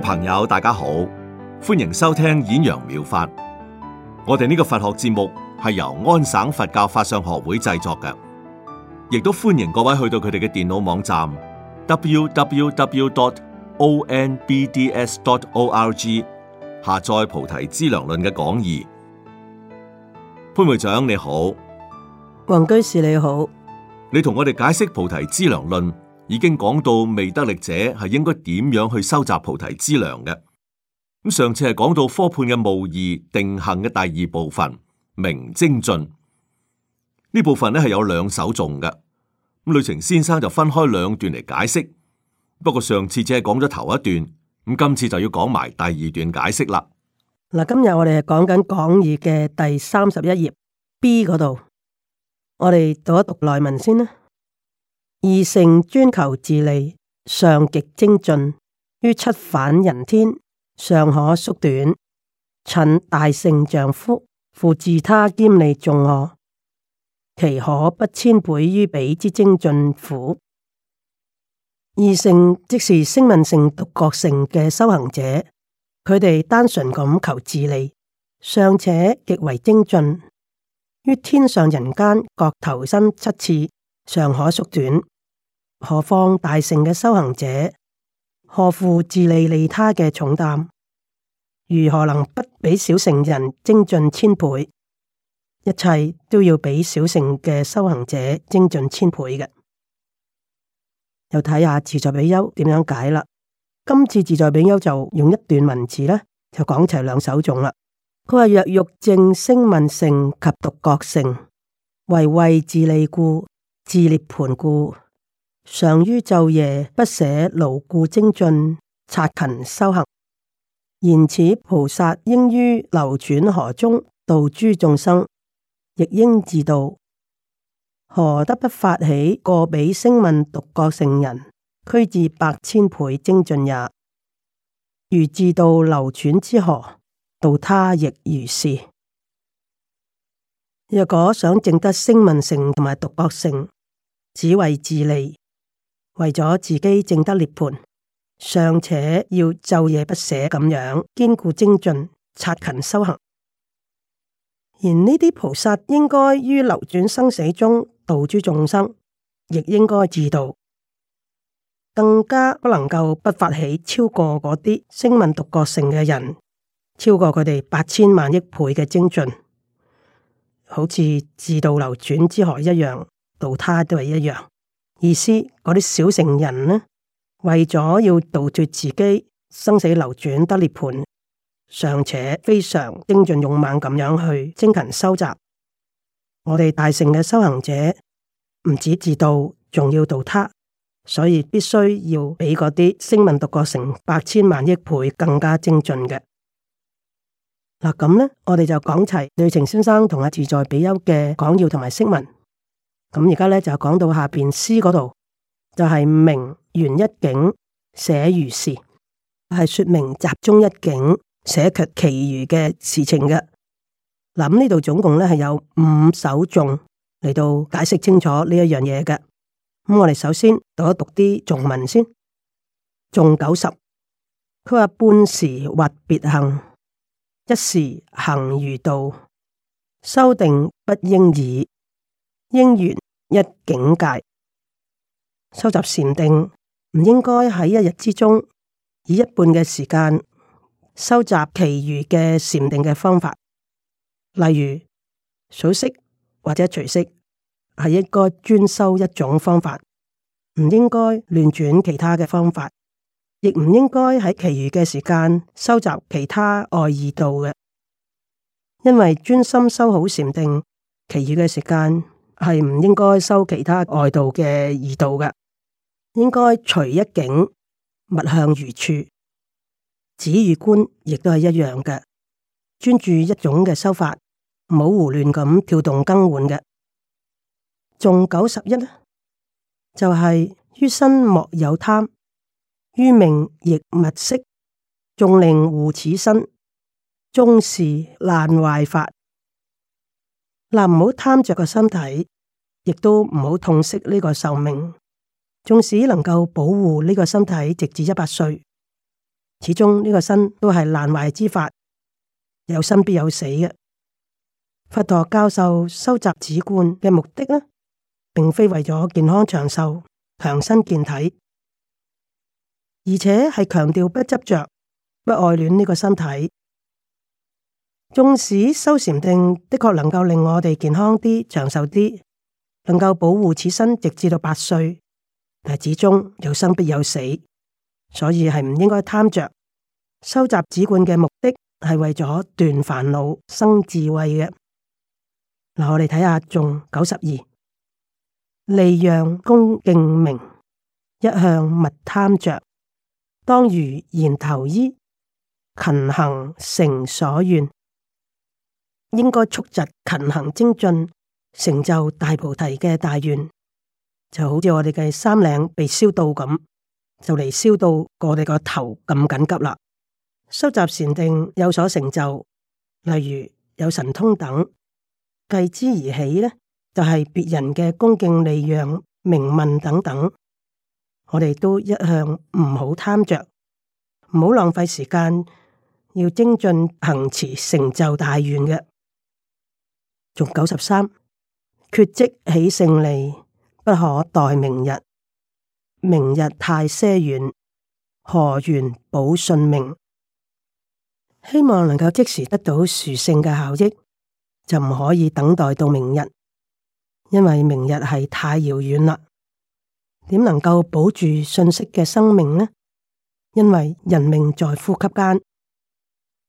朋友，大家好，歡迎收聽演揚妙法。我哋呢個佛學節目係由安省佛教法相學會製作嘅，亦都歡迎各位去到佢哋嘅電腦網站 www.onbds.org 下載《菩提資糧論》嘅講義。潘會長你好，黃居士你好，你同我哋解釋《菩提資糧論》。已經講到未得力者係應該點樣去收集菩提之糧嘅。咁上次係講到科判嘅無義定行嘅第二部分明精進呢部分咧，係有兩首頌嘅。咁呂澄先生就分開兩段嚟解釋。不過上次只係講咗頭一段，咁今次就要講埋第二段解釋啦。嗱，今日我哋係講緊講，講義嘅第三十一頁 B 嗰度，我哋讀一讀內文先啦。二性專求自利，尚極精進於七反人天，尚可縮短。趁大聖丈夫扶持他兼利眾惡，其可不千倍於彼之精進乎？二性即是聲聞性、獨覺性嘅修行者，佢哋單純咁求自利，尚且極為精進於天上人間各投身七次，尚可縮短。何況大乘嘅修行者，何負自利利他嘅重擔？如何能不比小乘人精進千倍？一切都要比小乘嘅修行者精進千倍嘅。又睇下自在比丘點樣解喇。今次自在比丘就用一段文字咧，就講齊兩首頌啦。佢話，若欲證聲聞性及獨覺性，為畏自利故，自劣盤故。常於晝夜不舍，牢固精進，擦勤修行。然此菩薩應於流轉河中度諸衆生，亦應自度，何得不發起過彼聲聞獨覺聖人，驅至百千倍精進也？如自度流轉之河，度他亦如是。若果想證得聲聞性同埋獨覺性，只為自利。為咗自己證得涅盤尚且要晝夜不捨咁樣堅固精進，察勤修行。而呢啲菩薩應該於流轉生死中度諸眾生，亦應該自度，更加不能夠不發起超過嗰啲聲聞獨覺乘嘅人，超過佢哋八千萬億倍嘅精進，好似自度流轉之河一樣，度他都係一樣。意思嗰啲小乘人呢，為咗要杜絕自己生死流轉得涅槃，尚且非常精進勇猛咁樣去精勤修習。我哋大乘嘅修行者唔止自度，仲要度他，所以必須要比嗰啲聲聞讀過成百千萬億倍更加精進嘅嗱。咁呢，我哋就講齊呂晴先生同阿自在比丘嘅講要同埋釋文。咁而家咧就講到下邊詩嗰度，就係、是、明緣一景寫如是，係說明集中一景寫其其餘嘅事情嘅。嗱，咁呢度總共咧係有五首頌嚟到解釋清楚呢一樣嘢嘅。咁我哋首先讀一讀啲頌文先。頌九十，佢話半時或別行，一時行如道，修定不應已。應緣一境界，收集禪定，唔應該喺一日之中以一半嘅時間收集其餘嘅禪定嘅方法，例如數息或者隨息，係應該專修一種方法，唔應該亂轉其他嘅方法，亦唔應該喺其餘嘅時間收集其他外意道嘅，因為專心修好禪定，其餘嘅時間。係唔應該收其他外道嘅異道嘅，應該除一境，勿向餘處。止與觀，亦都係一樣嘅，專注一種嘅修法，唔好胡亂咁跳動更換嘅。仲九十一咧，就係、是、於身莫有貪，於名亦勿惜，縱令護此身，終是爛壞法。嗱，唔好貪着個身體，亦都唔好痛惜呢個壽命。縱使能夠保護呢個身體直至一百歲，始終呢個身都係難壞之法，有生必有死嘅。佛陀教授收集止觀嘅目的呢，並非為咗健康長壽、強身健體，而且係強調不執着、不愛戀呢個身體。縱使修禪定的確能夠令我哋健康啲、長壽啲，能夠保護此身直至到八歲，但始終有生必有死，所以係唔應該貪着。收集資糧嘅目的係為咗斷煩惱、生智慧嘅。嗱，我哋睇下頌九十二，利養恭敬名，一向勿貪着，當如燃頭衣，勤行成所願。應該促疾勤行精進，成就大菩提嘅大願，就好似我哋嘅衫領被燒到咁，就嚟燒到過我哋個頭咁緊急啦。收集禪定有所成就，例如有神通等，繼之而起呢，就係、是、別人嘅恭敬禮讓、名問等等，我哋都一向唔好貪着，唔好浪費時間，要精進行持，成就大願嘅。從九十三，決即起勝利，不可待明日。明日太賒遠，何緣保信命？希望能夠即時得到殊勝嘅效益，就唔可以等待到明日，因為明日係太遙遠啦。點能夠保住信息嘅生命呢？因為人命在呼吸間，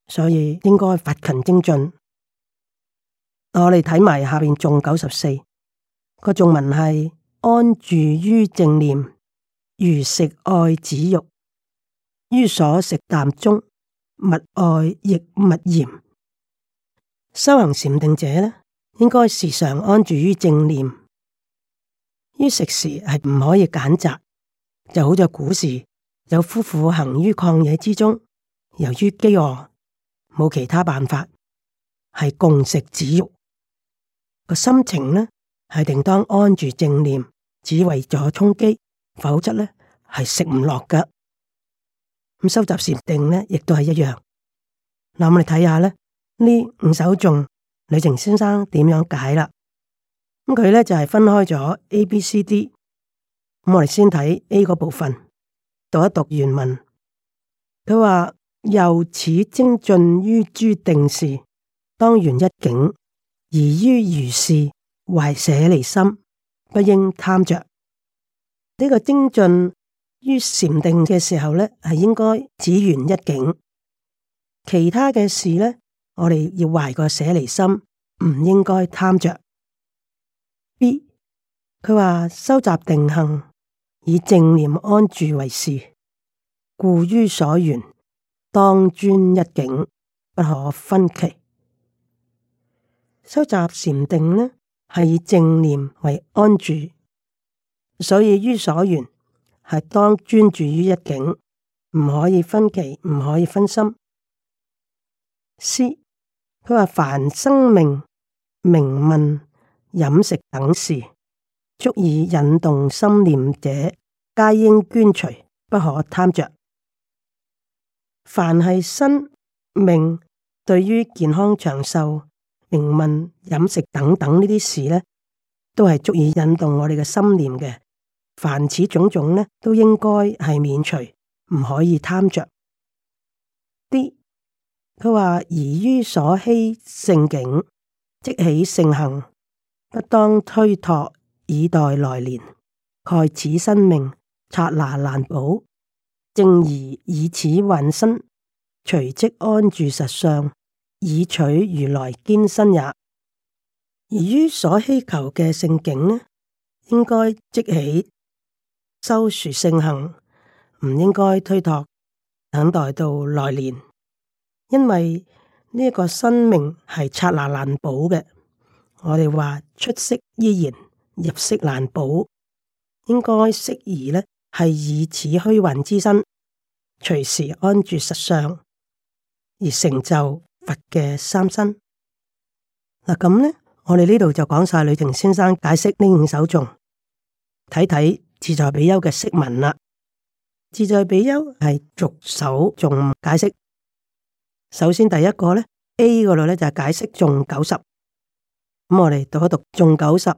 所以應該發勤精進。我哋睇埋下面94，仲九十四個頌文，係安住於正念，如食愛子肉，於所食啖中，勿愛亦勿嫌。修行禪定者呢，應該時常安住於正念，於食時係唔可以揀擇。就好似古時有夫婦行於曠野之中，由於饑餓，冇其他辦法，係共食子肉。個心情咧係定當安住正念，只為咗充飢，否則咧係食唔落噶。咁收集禪定咧，亦都係一樣。嗱，我哋睇下咧呢五首頌，李澄先生點樣解啦？咁佢咧就係、是、分開咗 A、B、C、D。咁我哋先睇 A 嗰部分，讀一讀原文。佢話由此精進於諸定事，當緣一境。」而於如是懷捨離心，不應貪着。呢、這個精進於禪定嘅時候咧，係應該只緣一境，其他嘅事咧，我哋要懷個捨離心，唔應該貪着。必佢話，收集定行，以正念安住為事，故於所緣當專一境，不可分歧。收集禪定呢，係以正念為安住，所以於所緣係當專注於一境，唔可以分歧，唔可以分心。思，佢話凡生命、名聞、飲食等事，足以引動心念者，皆應捐除，不可貪着。凡係生命，對於健康長壽。名聞飲食等等呢啲事呢，都係足以引動我哋嘅心念嘅。凡此種種呢，都應該係免除，唔可以貪着。啲佢話宜於所希聖景，即起盛行，不當推託，以待來年。蓋此生命，剎那難保，正而以此運身，隨即安住實相。以取如來堅身也，而於所希求嘅聖境呢，應該即起修殊勝行，唔應該推託等待到來年，因為呢一個生命係剎那難保嘅。我哋話出色依然入色難保，應該適宜呢係以此虛幻之身，隨時安住實相而成就。佛嘅三身嗱，咁、啊、咧，我哋呢度就講晒呂庭先生解釋呢五首頌，睇睇自在比丘嘅釋文啦。自在比丘係逐首頌解釋，首先第一個咧 A 嗰度咧就係解釋頌九十。咁我哋讀一讀頌九十，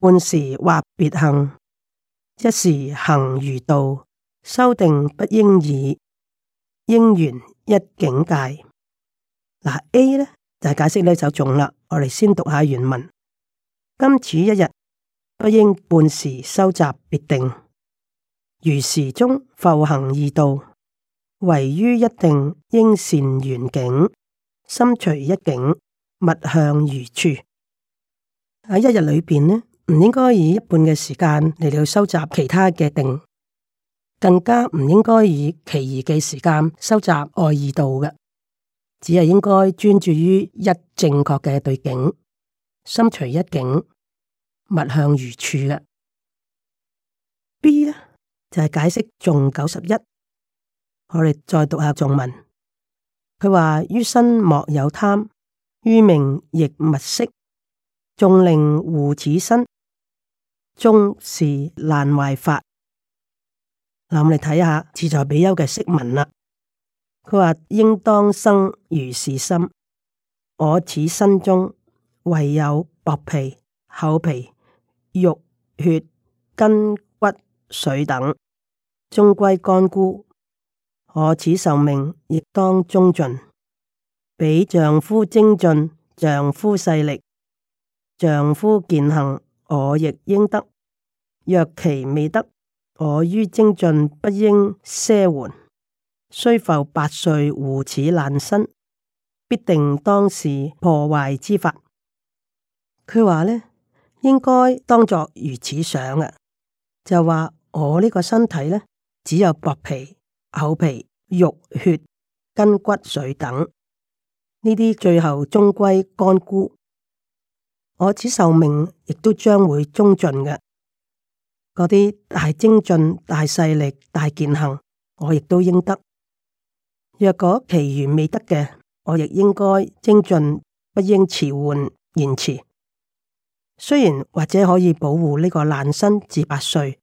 半時或別行，一時行如道，修定不應已，應緣一境界。嗱，A 呢就解釋呢，就係、頌啦。我哋先讀下原文。今此一日不應半時收集別定，如時中浮行異道，唯於一定應善圓景，心隨一境，物向如處。喺一日裏邊呢，唔應該以一半嘅時間嚟到收集其他嘅定，更加唔應該以其餘嘅時間收集外異道嘅。只係應該專注於一正確嘅對境，心隨一境，物向如處嘅。B 呢，就係解釋頌九十一，我哋再讀下頌文，佢話，於身莫有貪，於命亦勿惜，縱令護此身，終是難壞法。嗱，我哋睇下自在比丘嘅釋文啦。佢話：應當生如是心，我此身中唯有薄皮、厚皮、肉、血、筋、骨、水等，終歸乾枯。我此壽命亦當中盡。比丈夫精進，丈夫勢力，丈夫健行，我亦應得。若其未得，我於精進不應懈緩。雖浮百歲，護此爛身，必定當是破壞之法。佢話呢應該當作如此想啊，就話我呢個身體呢，只有薄皮、厚皮、肉血、筋骨水等呢啲，最後終歸乾枯。我此壽命亦都將會終盡嘅。嗰啲大精進、大勢力、大健行，我亦都應得。若果其餘未得嘅，我亦應該精進，不應遲緩延遲。雖然或者可以保護呢個爛身至百歲，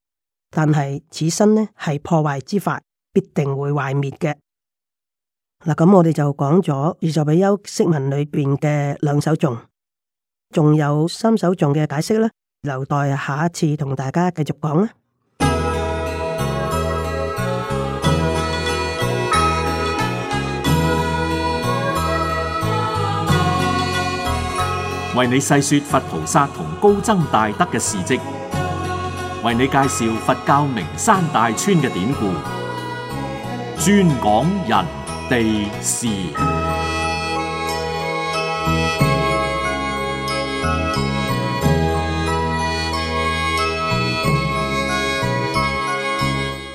但係此身呢係破壞之法，必定會壞滅嘅。嗱，咁我哋就講咗二十比丘釋文裏邊嘅兩首頌，仲有三首頌嘅解釋啦，留待下一次同大家繼續講啊。為你細說佛菩薩同高僧大德嘅事跡，為你介紹佛教名山大川嘅典故，專講人地事。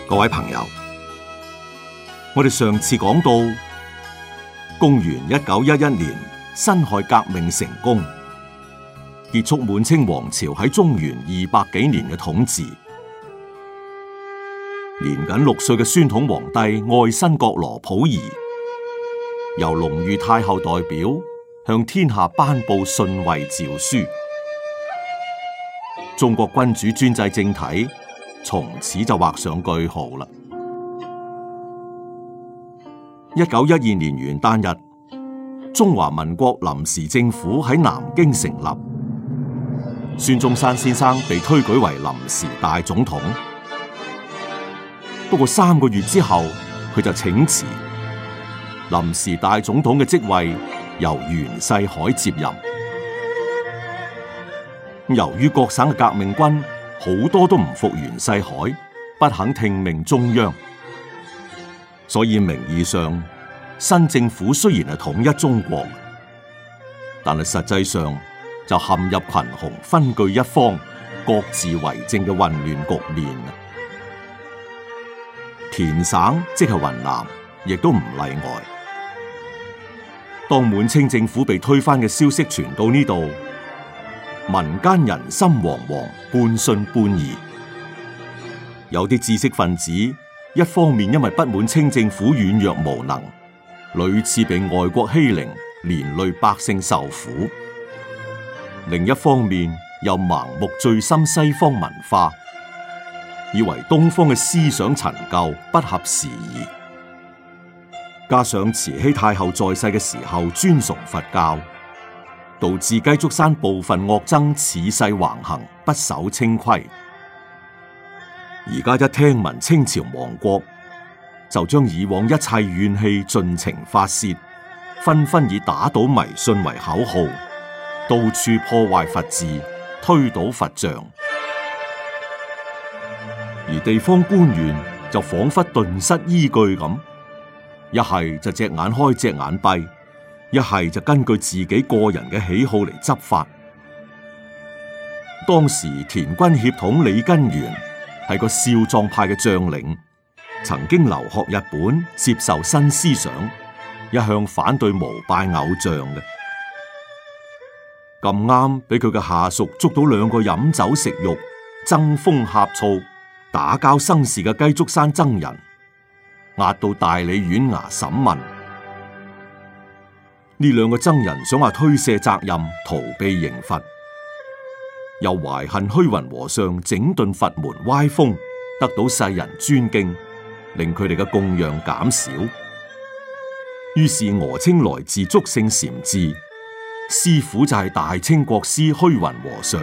各位朋友，我哋上次講到，公元一九一一年辛亥革命成功。結束滿清王朝喺中原二百幾年嘅統治，年僅六歲嘅宣統皇帝愛新覺羅溥儀，由隆裕太后代表向天下頒布遜位詔書，中國君主專制政體從此就畫上句號啦。一九一二年元旦日，中華民國臨時政府喺南京成立。孫中山先生被推舉為臨時大總統，不過三個月之後，佢就請辭。臨時大總統嘅職位由袁世凱接任。由於各省嘅革命軍好多都唔服袁世凱，不肯聽命中央，所以名義上，新政府雖然係統一中國，但係實際上，就陷入群雄分據一方、各自為政嘅混亂局面。滇省即係雲南，亦都唔例外。當滿清政府被推翻嘅消息傳到呢度，民間人心惶惶，半信半疑。有啲知識分子一方面因為不滿清政府軟弱無能，屢次被外國欺凌，連累百姓受苦。另一方面又盲目醉心西方文化，以為東方嘅思想陳舊不合時宜。加上慈禧太後在世嘅時候尊崇佛教，導致雞足山部分惡僧恃勢橫行，不守清規。而家一聽聞清朝亡國，就將以往一切怨氣盡情發泄，紛紛以打倒迷信為口號。到處破壞佛寺，推倒佛像，而地方官員就仿佛頓失依據咁，一係就隻眼開隻眼閉，一係就根據自己個人嘅喜好嚟執法。當時田軍協統李根源係個少壯派嘅將領，曾經留學日本，接受新思想，一向反對膜拜偶像嘅。咁啱俾佢嘅下屬捉到兩個飲酒食肉、爭風呷醋、打交生事嘅雞足山僧人，押到大理縣衙審問。呢兩個僧人想話推卸責任、逃避刑罰，又懷恨虛雲和尚整頓佛門歪風，得到世人尊敬，令佢哋嘅供養減少。於是俄稱來自祝聖禪寺。師父就係大清國師虛雲和尚。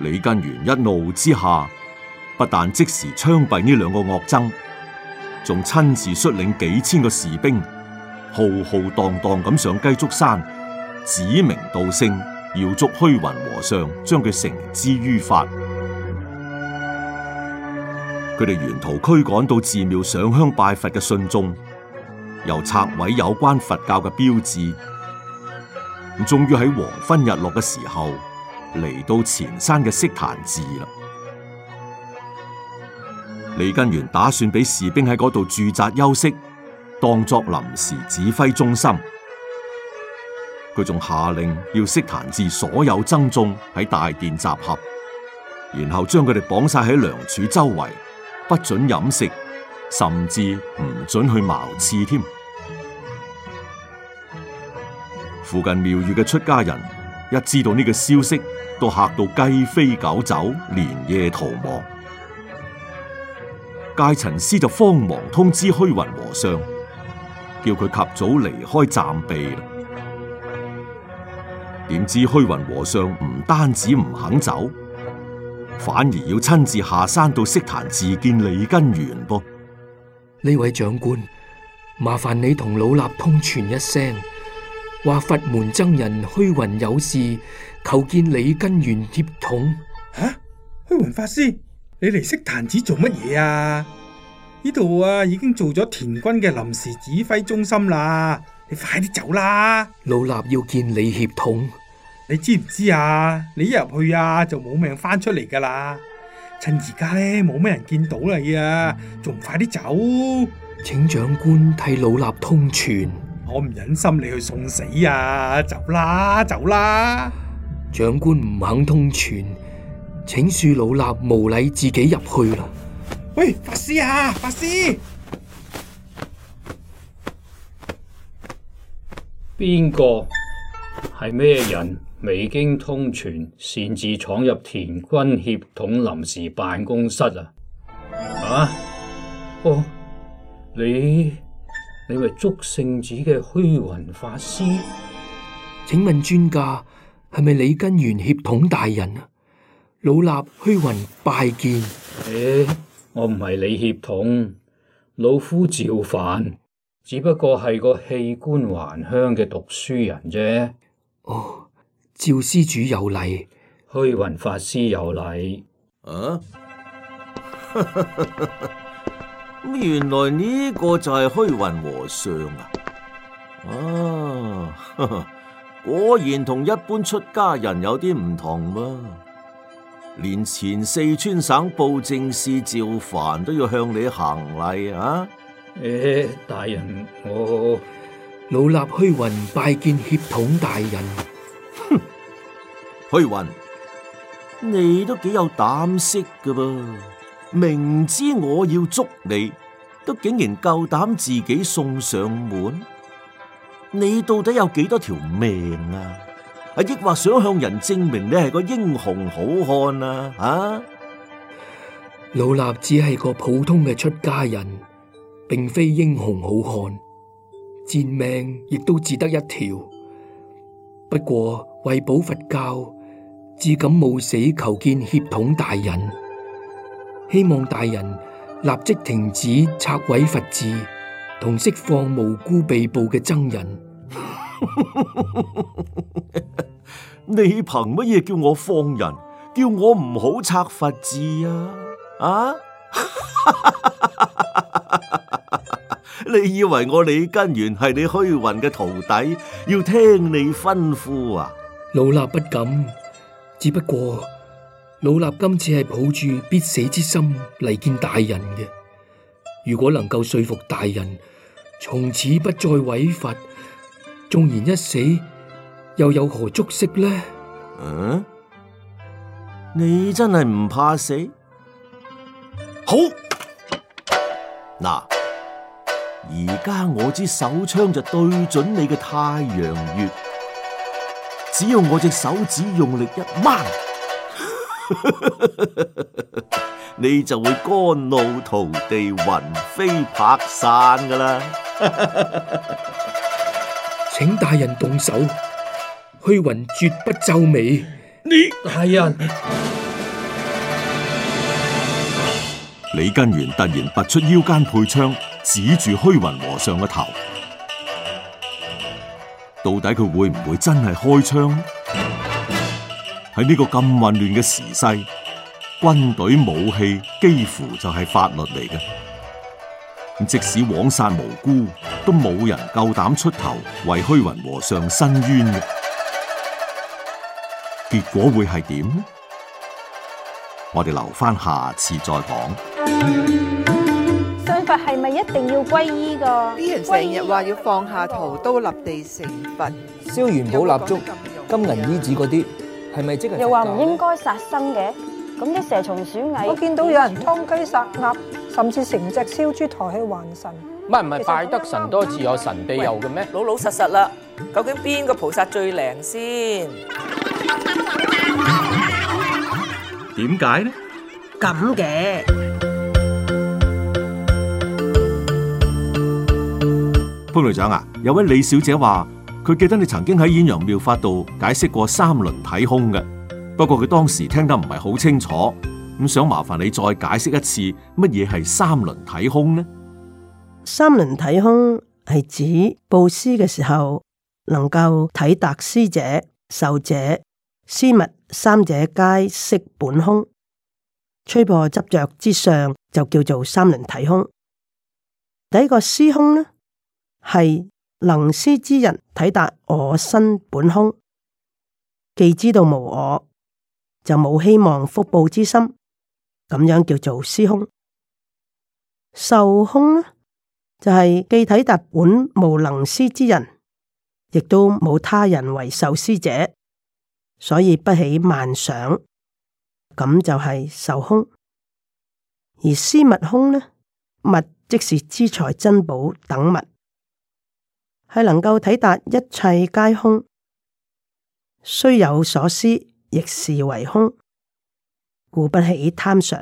李根源一怒之下，不但即時槍斃呢兩個惡僧，仲親自率領幾千個士兵，浩浩蕩蕩咁上雞足山，指名道姓要捉虛雲和尚，將佢繩之於法。佢哋沿途驅趕到寺廟上香拜佛嘅信眾。又拆毀有關佛教嘅標誌，咁終於喺黃昏日落嘅時候嚟到前山嘅色檀寺啦。李根源打算俾士兵喺嗰度駐紮休息，當作臨時指揮中心。佢仲下令要色檀寺所有僧眾喺大殿集合，然後將佢哋綁晒喺樑柱周圍，不准飲食。甚至唔准去茅廁添。附近廟宇嘅出家人一知道呢個消息，都嚇到雞飛狗走，連夜逃亡。戒塵師就慌忙通知虛雲和尚，叫佢及早離開暫避。點知虛雲和尚唔單止唔肯走，反而要親自下山到悉檀自見李根源噃。呢位長官，麻煩你同老衲通傳一聲，話佛門僧人虛雲有事，求見李根源協統。吓、啊，虛雲法師，你嚟悉檀寺做乜嘢啊？呢度啊已經做咗滇軍嘅臨時指揮中心啦，你快啲走啦！老衲要見李協統，你知唔知啊？你一入去啊就冇命翻出嚟噶啦！趁而家咧冇咩人見到你啊，仲快啲走！請長官替老衲通傳，我唔忍心你去送死啊！走啦，走啦！長官唔肯通傳，請恕老衲無禮，自己入去啦。喂，法師啊，法師，邊個係咩人？未經通傳，擅自闖入田軍協統臨時辦公室啊！啊？哦，你你咪祝聖子嘅虛雲法師？請問專家係咪李根源協統大人啊？老衲虛雲拜見。誒、欸，我唔係李協統，老夫趙範，只不過係個棄官還鄉嘅讀書人啫。哦。趙施主有禮，虛雲法師有禮。啊， 原來呢個就係虛雲和尚啊！啊，果然同一般出家人有啲唔同噃、啊。連前四川省布政使趙凡都要向你行禮啊！誒、哎，大人，我老衲虛雲拜見協統大人。哼，虛 雲，你都幾有膽識噶噃。明知我要捉你，都竟然夠膽自己送上門？你到底有幾多條命啊？抑或想向人證明你係個英雄好漢啊？啊？老衲只係個普通嘅出家人，並非英雄好漢，賤命亦都只得一條。不過為保佛教，至敢冒死求見協統大人，希望大人立即停止拆毀佛寺，同釋放無辜被捕嘅僧人。 你憑乜嘢叫我放人？叫我唔好拆佛寺啊？啊？ 你以為我李根源係你虛雲嘅徒弟，要聽你吩咐啊？老衲不敢，只不過老衲今次係抱住必死之心嚟見大人嘅。如果能夠說服大人，從此不再毀佛，縱然一死，又有何足惜呢？嗯？你真係唔怕死？好，嗱。而家我支手槍就對準你嘅太陽穴，只要我隻手指用力一掹， 你就會肝腦塗地、魂飛魄散噶啦！請大人動手，虛雲絕不皺眉。你係啊！哎、呀李根源突然拔出腰間配槍。指住虛雲和尚個頭，到底佢會唔會真係開槍？喺呢個咁混亂嘅時勢，軍隊武器幾乎就係法律嚟嘅。咁即使枉殺無辜，都冇人夠膽出頭為虛雲和尚申冤嘅。結果會係點？我哋留翻下次再講。佛係咪一定要皈依噶？啲人成日話要放下屠刀立地成佛，燒元寶、蠟燭、金銀衣紙嗰啲，係咪即係？又話唔應該殺生嘅，咁啲蛇蟲鼠蟻，我見到有人劏雞殺鴨，甚至成隻燒豬抬去還神。唔係唔係，拜得神多自有神庇佑嘅咩？老老實實啦，究竟邊個菩薩最靈先？點解呢？咁嘅。潘隊長啊，有位李小姐話佢記得你曾經喺演陽妙法度解釋過三輪體空嘅，不過佢當時聽得唔係好清楚，咁、嗯、想麻煩你再解釋一次乜嘢係三輪體空呢？三輪體空係指布施嘅時候，能夠體達施者、受者、施物三者皆識本空，吹破執着之上，就叫做三輪體空。第一個施空呢？係能施之人，體達我身本空，既知道無我，就冇希望福報之心，咁樣叫做施空。受空呢，就係、是、既體達本無能施之人，亦都冇他人為受施者，所以不起妄想，咁就係受空。而施物空呢，物即是資財珍寶等物。係能夠體達一切皆空，雖有所思，亦是為空，故不起貪想，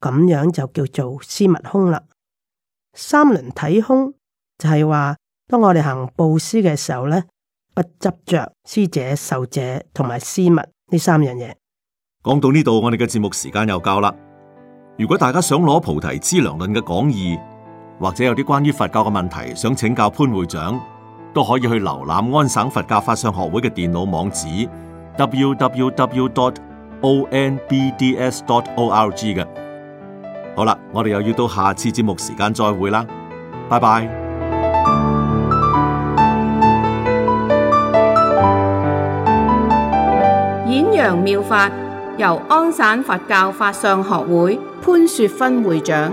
咁樣就叫做施物空啦。三輪體空就係、是、話，當我哋行布施嘅時候咧，不執着施者、受者同埋施物呢三樣嘢。講到呢度，我哋嘅節目時間又夠啦。如果大家想攞《菩提資糧論》嘅講義。或者有啲關於佛教嘅問題，想請教潘會長，都可以去瀏覽安省佛教法上學會嘅電腦網址 w w w dot o n b d s dot o r g 嘅。好啦，我哋又要到下次節目時間再會啦，拜拜。演揚妙法，由安省佛教法上學會潘雪芬會長